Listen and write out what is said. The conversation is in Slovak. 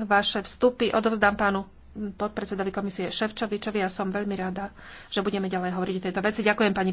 vaše vstupy. Odovzdám pánu podpredsedovi komisie Ševčovičovi a som veľmi rada, že budeme ďalej hovoriť o tejto veci. Ďakujem pani